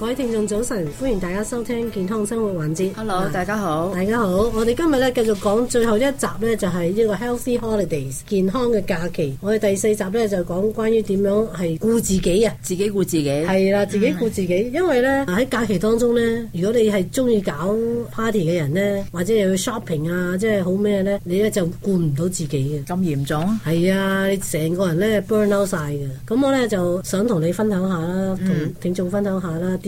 各位聽眾早晨，歡迎大家收聽健康生活環節。Hello，、Hi. 大家好，大家好。我哋今日咧繼續講最後一集咧，就係、是、呢個 Healthy Holidays 健康嘅假期。我哋第四集咧就講關於點樣係顧自己啊，自己顧自己。係啦，自己顧自己，嗯、因為咧喺假期當中咧，如果你係中意搞 party 嘅人咧，或者又去 shopping 啊，即、就、係、是、好咩咧，你咧就顧唔到自己嘅。咁嚴重？係啊，你成個人咧 burn out 晒嘅。咁我咧就想同你分享一下啦，同聽眾分享一下啦。嗯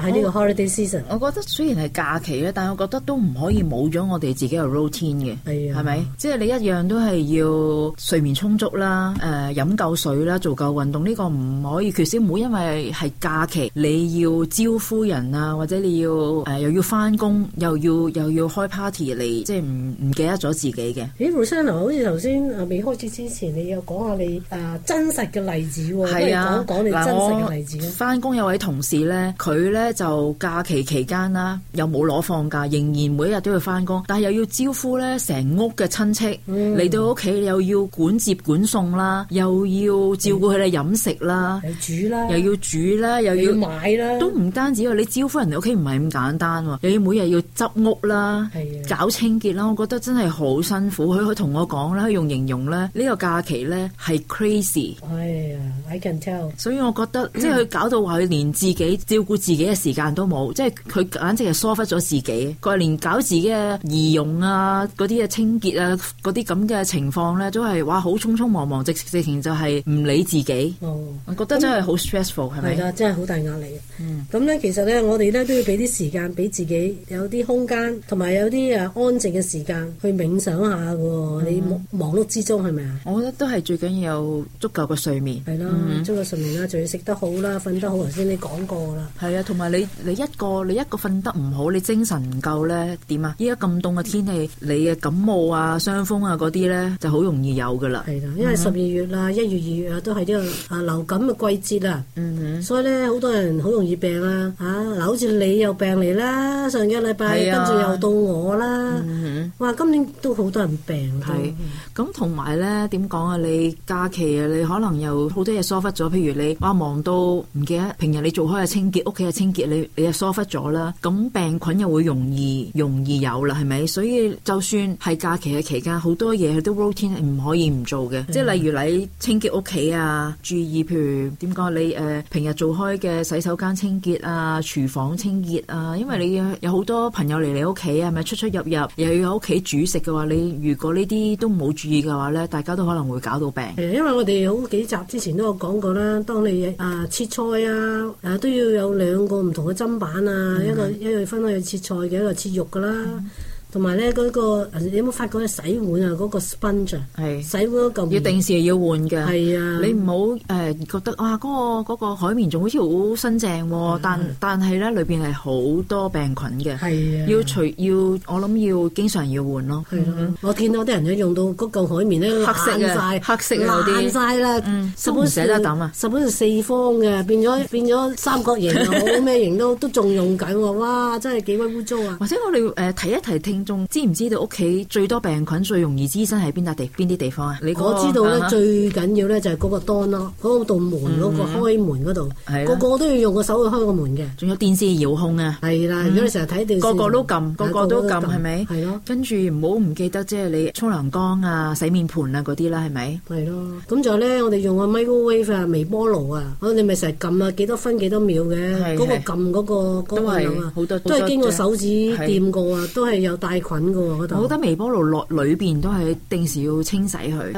喺呢個 holiday season，我，我覺得雖然係假期咧，但係我覺得都唔可以冇咗我哋自己嘅 routine 嘅，係啊係咪？即係你一樣都係要睡眠充足啦，誒飲夠水啦，做夠運動呢個唔可以缺少。唔好因為係假期，你要招呼人啊，或者你要誒又要翻工，又要又要，又要開 party 嚟，即係唔唔記得咗自己嘅。誒 Rosanna 好似頭先未開始之前，你又講下你誒真實嘅例子喎、哦？係啊，講講你真實嘅例子。翻工有位同事咧，佢咧。咧就假期期間啦，又冇攞放假，仍然每一日都要翻工，但係又要招呼咧成屋嘅親戚嚟、嗯、到屋企，又要管接管送啦，又要照顧佢哋飲食啦、嗯，又煮啦，又要煮啦，又要煮啦又要，又要買啦，都唔單止你招呼人哋屋企唔係咁簡單、啊，又要每日要執屋啦，搞清潔啦，我覺得真係好辛苦。佢佢同我講啦，佢用形容咧，呢、呢個假期咧係 crazy。哎呀，I can tell。所以我覺得，即係佢搞到話佢連自己照顧自己時間都冇，即係佢簡直係疏忽咗自己。佢連搞自己嘅儀容啊，嗰啲嘅清潔啊，嗰啲咁嘅情況咧，都係哇好匆匆忙忙，直情就係唔理自己。我、哦、覺得真係好 stressful，係、嗯、咪？係啦，真係好大壓力。嗯，咁咧其實咧，我哋咧都要俾啲時間，俾自己有啲空間，同埋有啲啊安靜嘅時間去冥想一下噶、嗯。你忙碌之中係咪啊？我覺得都係最緊要有足夠嘅睡眠。係啦、嗯，足夠睡眠啦，仲要食得好啦，瞓得好。頭先你講過啦。係啊。同埋你你一個你一個瞓得唔好，你精神唔夠咧點啊？依家咁凍嘅天氣，你嘅感冒啊、傷風啊嗰啲咧就好容易有噶啦。係啦，因為十二月啦、啊、一、嗯、月、二月啊，都係呢個啊流感嘅季節啊，嗯、所以咧好多人好容易病啊嚇嗱、啊，好似你又病嚟啦，上一禮拜跟住又到我啦。嗯哇！今年都好多人病，係咁同埋咧，點講啊？你假期啊，你可能又好多嘢疏忽咗，譬如你哇忙到唔記得，平日你做開嘅清潔、屋企嘅清潔，你你又疏忽咗啦。咁病菌又會容易容易有啦，係咪？所以就算係假期嘅期間，好多嘢都 routine 唔可以唔做嘅，即係例如你清潔屋企啊，注意，譬如點講？你誒、呃、平日做開嘅洗手間清潔啊、廚房清潔啊，因為你有好多朋友嚟你屋企啊，咪出出入入，又要喺屋企。你煮食嘅話，你如果呢啲都冇注意嘅話呢，大家都可能會搞到病。因為我哋好幾集之前都有講過啦，當你啊切菜啊，誒、啊、都要有兩個唔同嘅砧板啊，一個一個分開去切菜嘅，一個，一個，切，一個切肉噶啦。嗯同埋咧嗰個，你有冇發覺洗碗啊嗰個 sponge？係洗碗嗰嚿要定時要換嘅。係啊，你唔好誒覺得啊嗰個嗰個海綿仲好似好新淨喎，但但係咧裏邊係好多病菌嘅。係啊，要除要我諗要經常要換咯。係咯，我見到啲人咧用到嗰嚿海綿咧爛曬，黑色爛曬啦，根本唔捨得抌啊！根本就四方嘅變咗變咗三角形啊，冇咩形都都仲用緊喎，哇！真係幾鬼污糟啊！或者我哋誒提一提聽。知唔知道屋企最多病菌最容易滋生喺邊笪地邊啲地方啊？你那個、我知道咧、uh-huh. 最緊要咧就係嗰個 door 啦，嗰個道門嗰個開門嗰度，個、嗯、個都要用個手去開個門嘅。仲有電視遙控啊，係啦、嗯，如果你成日睇電視，個個都撳，個個都撳，係咪？係咯，跟住唔好唔記得，即、就、係、是、你沖涼缸啊、洗面盆啊嗰啲啦，係咪？係咯，咁仲有咧我哋用個 microwave 啊、微波爐啊，你咪成日撳啊，幾多分幾多秒嘅、啊，嗰、那個撳嗰、那個嗰、那個啊、都係，好多，都係經過手指掂過啊，是都係有大。細菌噶，度。我覺得微波爐落裏邊都係定時要清洗佢。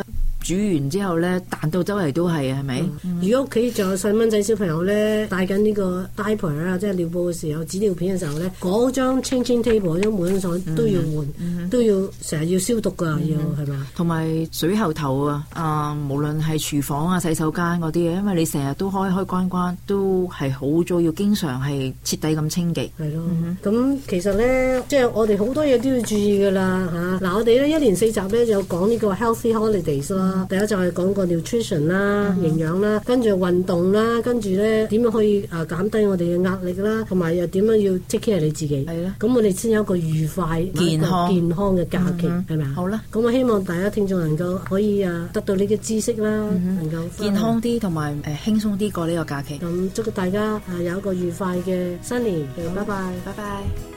煮完之後咧，彈到周圍都係啊，係咪、嗯？如果屋企仲有細蚊仔小朋友咧，戴緊呢個 diaper 啊，即係尿布嘅時候、紙尿片嘅時候咧，嗰張 changing table 張換水都要換，嗯嗯、都要成日要消毒噶，要係嘛？同、嗯、埋水喉頭啊，啊，無論係廚房啊、洗手間嗰啲嘅，因為你成日都開開關關，都係好早要經常係徹底咁清潔係咯，咁、嗯嗯、其實咧，即係我哋好多嘢都要注意噶啦嗱，我哋咧一年四集咧有講呢個 healthy holidays 啦、嗯。啊、第一就係講個 nutrition 啦、嗯、營養啦，跟住運動啦，跟住咧點樣可以啊、呃、減低我哋嘅壓力啦，同埋又點樣要 take care 你自己。係啦，咁我哋先有一個愉快健康健康嘅假期，係咪啊？好啦，咁我希望大家聽眾能夠可以啊得到你嘅知識啦，嗯、能夠健康啲同埋誒輕鬆啲過呢個假期。咁祝大家啊有一個愉快嘅新年，拜、嗯、拜，拜拜。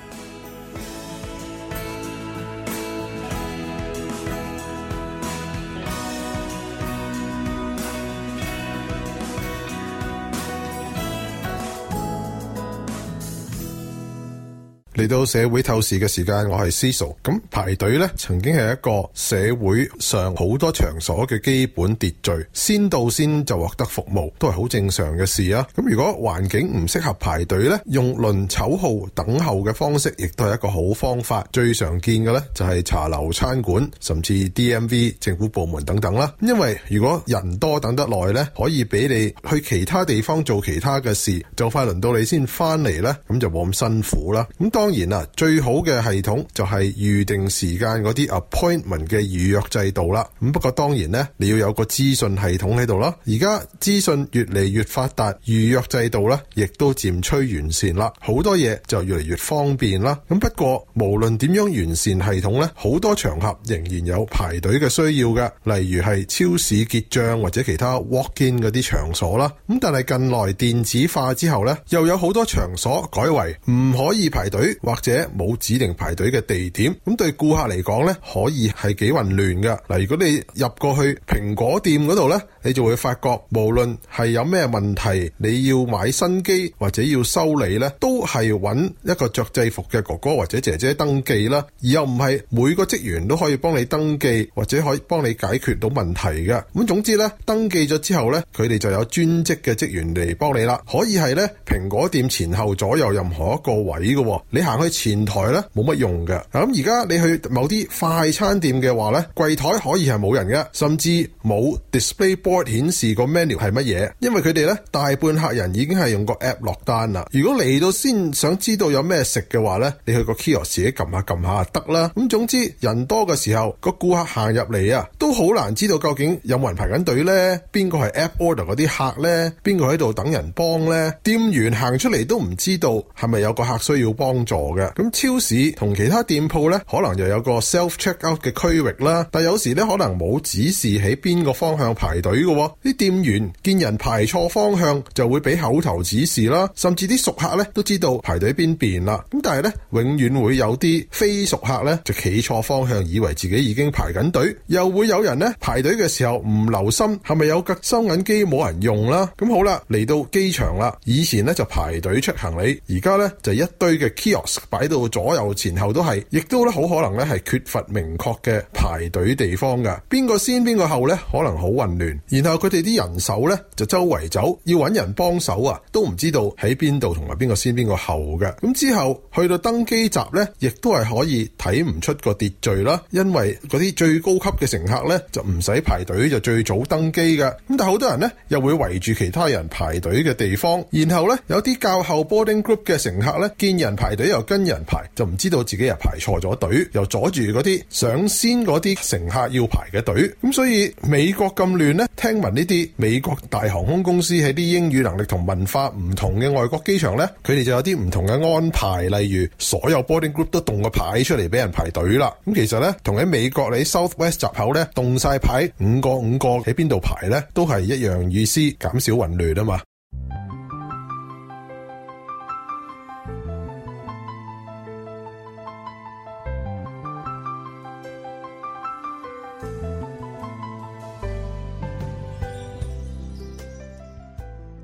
嚟到社會透視嘅時間，我係 Cecil。咁排隊呢曾經係一個社會上好多場所嘅基本秩序，先到先就獲得服務，都係好正常嘅事啊。咁如果環境唔適合排隊呢，用輪籌號等候嘅方式，亦都係一個好方法。最常見嘅呢就係、是、茶樓、餐館，甚至 D M V 政府部門等等啦。因為如果人多等得耐呢，可以俾你去其他地方做其他嘅事，就快輪到你先翻嚟呢，咁就冇咁辛苦啦。咁當當然啦，最好嘅系統就係預定時間嗰啲 appointment 嘅預約制度啦。咁不過當然咧，你要有個資訊系統喺度啦。而家資訊越嚟越發達，預約制度咧亦都漸趨完善啦。好多嘢就越嚟越方便啦。咁不過無論點樣完善系統咧，好多場合仍然有排隊嘅需要嘅，例如係超市結賬或者其他 walk-in 嗰啲場所啦。咁但係近來電子化之後咧，又有好多場所改為唔可以排隊。或者冇指定排隊嘅地點，咁對顧客嚟講呢，可以係幾混亂㗎。嗱，如果你入過去蘋果店嗰度呢，你就會發覺無論係有咩問題，你要買新機或者要修理呢，都係揾一個着制服嘅哥哥或者姐姐登記啦，而又唔係每個職員都可以幫你登記或者可以幫你解決到問題嘅。咁總之呢，登記咗之後呢，佢哋就有專職嘅職員嚟幫你啦，可以係呢，蘋果店前後左右任何一個位嘅，你，行去前台咧，冇乜用嘅。咁而家你去某啲快餐店嘅話咧，櫃台可以係冇人嘅，甚至冇 display board 顯示個 menu 係乜嘢，因為佢哋咧大半客人已經係用個 app 落單啦。如果嚟到先想知道有咩食嘅話咧，你去個 kiosk 自己撳下撳下就得啦。咁總之人多嘅時候，個顧客行入嚟啊，都好難知道究竟有冇人排緊隊咧，邊個係 app order 嗰啲客咧，邊個喺度等人幫咧，店員行出嚟都唔知道係咪有個客需要幫助。嘅，咁超市同其他店鋪呢，可能又有個 self checkout 嘅區域啦。但有時呢，可能冇指示喺邊個方向排隊嘅、哦。啲店員見人排錯方向，就會俾口頭指示啦。甚至啲熟客呢，都知道排隊邊邊啦。咁但係呢，永遠會有啲非熟客呢，就企錯方向，以為自己已經排緊隊。又會有人呢，排隊嘅時候唔留心，係咪有個收銀機冇人用啦？咁好啦，嚟到機場啦，以前呢就排隊出行李，而家呢就一堆嘅 kiosk。擺到左右前後都係，亦都咧好可能咧係缺乏明確嘅排隊地方噶，邊個先邊個後咧可能好混亂。然後佢哋啲人手咧就周圍走，要揾人幫手啊，都唔知道喺邊度同埋邊個先邊個後嘅。咁之後去到登機閘咧，亦都係可以睇唔出個秩序啦，因為嗰啲最高級嘅乘客咧就唔使排隊就最早登機噶。咁但好多人咧又會圍住其他人排隊嘅地方，然後咧有啲較後 boarding group 嘅乘客咧見人排隊又又跟人排，就唔知道自己又排錯咗隊，又阻住嗰啲上先嗰啲乘客要排嘅隊，咁所以美國咁亂咧，聽聞呢啲美國大航空公司喺啲英語能力同文化唔同嘅外國機場咧，佢哋就有啲唔同嘅安排，例如所有 boarding group 都動個牌出嚟俾人排隊啦。咁其實咧，同喺美國你 Southwest 閘口咧，動晒牌五個五個喺邊度排咧，都係一樣意思，減少混亂啊嘛。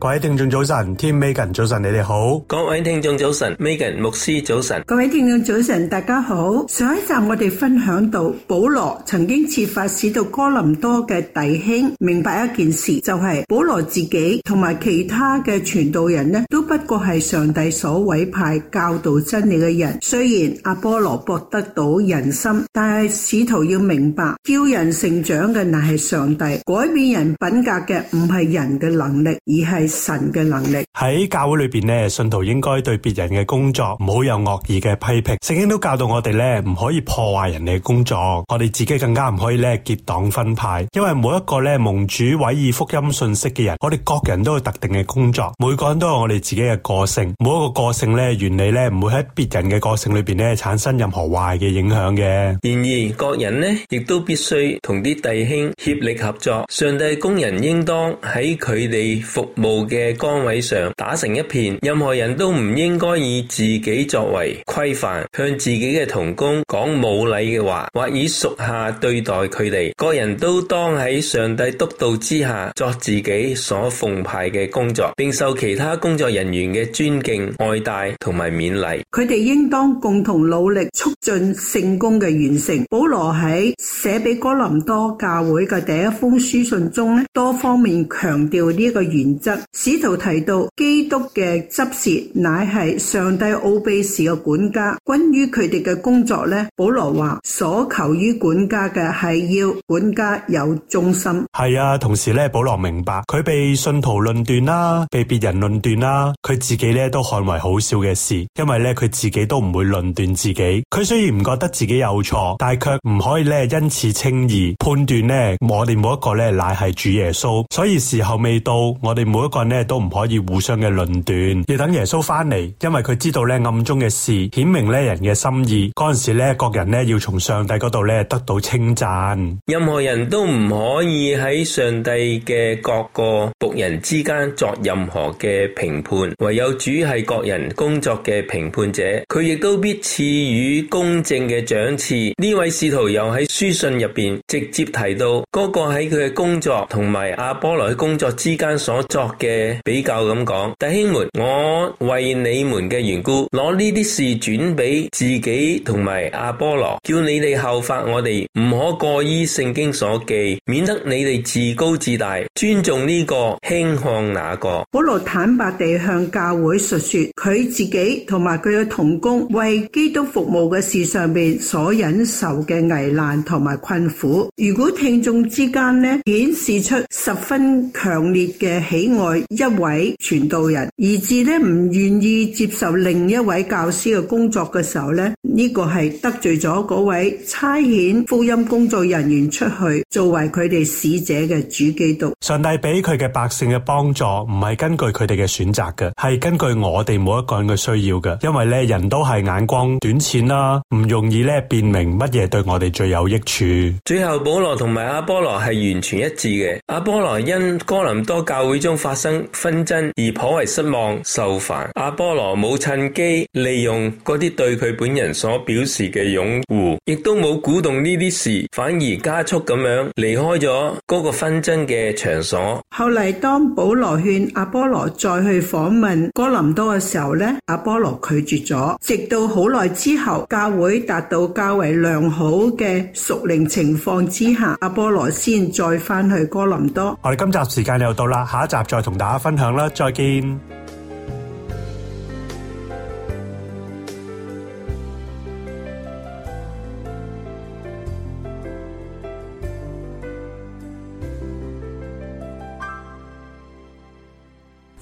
各位聽眾早晨，天 Megan 早晨，你哋好。各位聽眾早晨，Megan 牧師早晨。各位聽眾早晨，大家好。上一集我哋分享到，保羅曾經設法使到哥林多嘅弟兄明白一件事，就係保羅自己同埋其他嘅傳道人呢，都不過係上帝所委派教導真理嘅人。雖然阿波羅博得到人心，但係使徒要明白，叫人成長嘅乃係上帝，改變人品格嘅唔係人嘅能力，而係神嘅能力喺教會裏邊咧，信徒應該對別人嘅工作唔好有惡意嘅批評。聖經都教導我哋咧，唔可以破壞人哋嘅工作。我哋自己更加唔可以咧結黨分派，因為每一個咧蒙主委以福音信息嘅人，我哋各人都有特定嘅工作。每個人都有我哋自己嘅個性，每一個個性咧原理咧唔會喺別人嘅個性裏邊咧產生任何壞嘅影響嘅。然而，各人咧亦都必須同啲弟兄協力合作。上帝工人應當喺佢哋服務。嘅崗位上打成一片，任何人都唔應該以自己作為規範，向自己嘅同工講冇禮嘅話，或以屬下對待佢哋。各人都當喺上帝督導之下，作自己所奉派嘅工作，並受其他工作人員嘅尊敬、愛戴同埋勉勵。佢哋應當共同努力，促進聖工嘅完成。保羅喺寫俾哥林多教會嘅第一封書信中咧，多方面強調呢個原則。使徒提到基督嘅執事乃係上帝奧秘事嘅管家，關於佢哋嘅工作呢，保羅話所求於管家嘅係要管家有忠心。係啊，同時呢，保羅明白佢被信徒論斷啦、啊，被別人論斷啦、啊，佢自己呢都看為好笑嘅事，因為呢，佢自己都唔會論斷自己。佢雖然唔覺得自己有錯，但係卻唔可以呢因此輕易判斷呢我哋每一個呢乃係主耶穌。所以時候未到，我哋每一個咧都唔可以互相嘅論斷，要等耶穌翻嚟，因為佢知道咧暗中嘅事，顯明咧人嘅心意。嗰陣時咧，各人咧要從上帝嗰度咧得到稱讚。任何人都唔可以喺上帝嘅各個僕人之間作任何嘅評判，唯有主係各人工作嘅評判者，佢亦都必賜予公正嘅賞賜。呢位使徒又喺書信入邊直接提到，嗰個喺佢嘅工作同埋阿波羅嘅工作之間所作嘅比較咁講，弟兄們，我為你們嘅緣故，攞呢啲事轉俾自己同埋阿波羅，叫你哋效法我哋，唔可過於聖經所記，免得你哋自高自大，尊重呢個，輕看那個。保羅坦白地向教會述說佢自己同埋佢嘅同工為基督服務嘅事上面所忍受嘅危難同埋困苦。如果聽眾之間呢顯示出十分強烈嘅喜愛。一位傳道人，以至呢唔願意接受另一位教師嘅工作嘅時候呢呢、呢個係得罪咗嗰位差遣福音工作人員出去，作為佢哋使者嘅主基督。上帝俾佢嘅百姓嘅幫助，唔係根據佢哋嘅選擇嘅，係根據我哋每一個人嘅需要嘅。因為呢人都係眼光短淺啦、啊，唔容易咧辨明乜嘢對我哋最有益處。最後，保羅同埋阿波羅係完全一致嘅。阿波羅因哥林多教會中發生。紛爭而頗為失望受煩，阿波羅冇趁機利用嗰啲對佢本人所表示嘅擁護，亦都冇鼓動呢啲事，反而加速咁樣離開咗嗰個紛爭嘅場所。後嚟當保羅勸阿波羅再去訪問哥林多嘅時候呢，阿波羅拒絕咗。直到好耐之後，教會達到較為良好嘅屬靈情況之下，阿波羅先再返去哥林多。我哋今集時間又到啦，下一集再同同大家分享啦，再見。